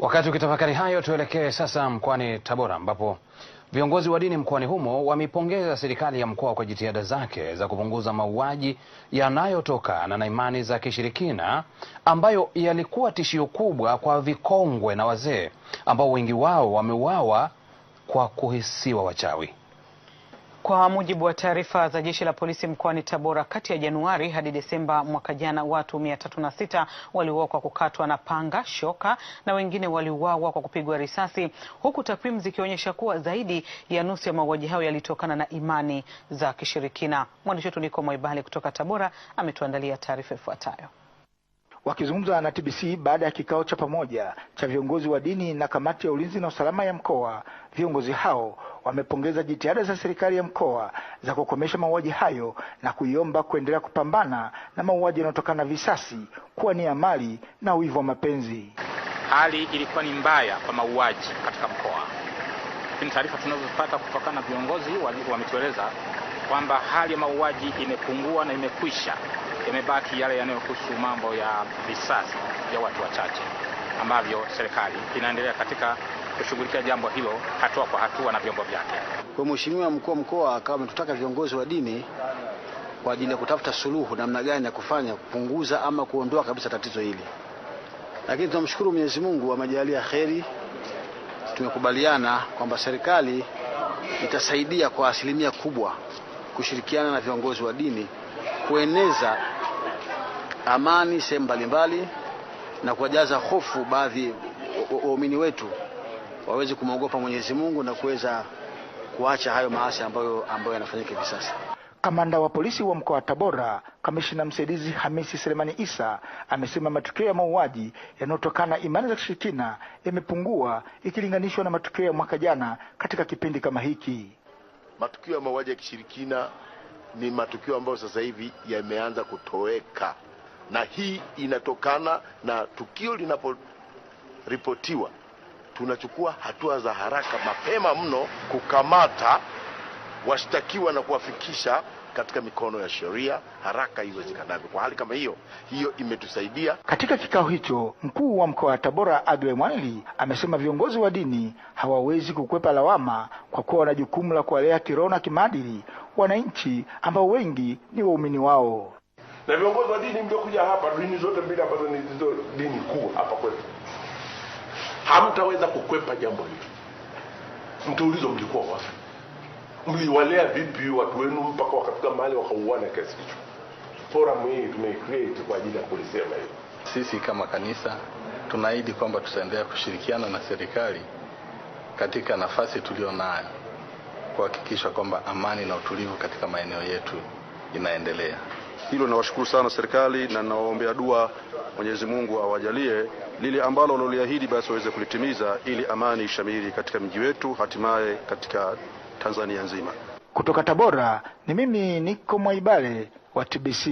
Wakati ukitafakari hayo, tuelekee sasa mkoani Tabora ambapo viongozi wa dini mkoani humo wameipongeza serikali ya mkoa kwa jitihada zake za kupunguza mauaji yanayotokana na imani za kishirikina ambayo yalikuwa tishio kubwa kwa vikongwe na wazee ambao wengi wao wameuawa kwa kuhisiwa wachawi. Kwa mujibu wa taarifa za jeshi la polisi mkoani Tabora, kati ya Januari hadi Desemba mwaka jana, watu sita waliuawa kwa kukatwa na panga, shoka na wengine waliuawa kwa kupigwa risasi, huku takwimu zikionyesha kuwa zaidi ya nusu ya mauaji hayo yalitokana na imani za kishirikina. Mwandishi wetu Niko Mwaibali kutoka Tabora ametuandalia taarifa ifuatayo. Wakizungumza na TBC baada ya kikao cha pamoja cha viongozi wa dini na kamati ya ulinzi na usalama ya mkoa, viongozi hao wamepongeza jitihada za serikali ya mkoa za kukomesha mauaji hayo na kuiomba kuendelea kupambana na mauaji yanayotokana na visasi, ni amali na wivu wa mapenzi. Hali ilikuwa ni mbaya kwa mauaji katika mkoa, lakini taarifa tunazopata kutokana na viongozi wametueleza kwamba hali ya mauaji imepungua na imekwisha yamebaki yale yanayohusu mambo ya visasi vya watu wachache ambavyo serikali inaendelea katika kushughulikia jambo hilo hatua kwa hatua na vyombo vyake. Kwa Mheshimiwa mkuu wa mkoa akawa ametutaka viongozi wa dini kwa ajili ya kutafuta suluhu namna gani ya kufanya kupunguza ama kuondoa kabisa tatizo hili, lakini tunamshukuru Mwenyezi Mungu amejalia kheri. Tumekubaliana kwamba serikali itasaidia kwa asilimia kubwa kushirikiana na viongozi wa dini kueneza amani sehemu mbalimbali na kuwajaza hofu baadhi waumini wetu waweze kumwogopa Mwenyezi Mungu na kuweza kuacha hayo maasi ambayo ambayo yanafanyika hivi sasa. Kamanda wa polisi wa mkoa wa Tabora, kamishina msaidizi Hamisi Selemani Isa amesema matukio ya mauaji yanayotokana imani za kishirikina yamepungua ikilinganishwa na matukio ya mwaka jana katika kipindi kama hiki. Matukio ya mauaji ya kishirikina ni matukio ambayo sasa hivi yameanza kutoweka, na hii inatokana na tukio linaporipotiwa, tunachukua hatua za haraka mapema mno kukamata washtakiwa na kuwafikisha katika mikono ya sheria haraka iwezekanavyo. Kwa hali kama hiyo hiyo imetusaidia. Katika kikao hicho, mkuu wa mkoa wa Tabora Agwe mwanli amesema viongozi wa dini hawawezi kukwepa lawama kwa kuwa wana jukumu la kuwalea kiroho na kimaadili wananchi ambao wengi ni waumini wao. Na viongozi wa dini mliokuja hapa, dini zote mbili ambazo ni zizo dini kuu hapa kwetu, hamtaweza kukwepa jambo hili. Mtuulizo, mlikuwa wapi? Mliwalea vipi watu wenu mpaka wakafika mahali wakauana kiasi hicho? Forum hii tumeicreate kwa ajili ya kulisema hiyo. Sisi kama kanisa tunaahidi kwamba tutaendelea kushirikiana na serikali katika nafasi tulionayo kuhakikisha kwamba amani na utulivu katika maeneo yetu inaendelea. Hilo nawashukuru sana serikali na nawaombea dua Mwenyezi Mungu awajalie lile ambalo waloliahidi basi waweze kulitimiza, ili amani ishamiri katika mji wetu, hatimaye katika Tanzania nzima. Kutoka Tabora ni mimi niko Mwaibale wa TBC.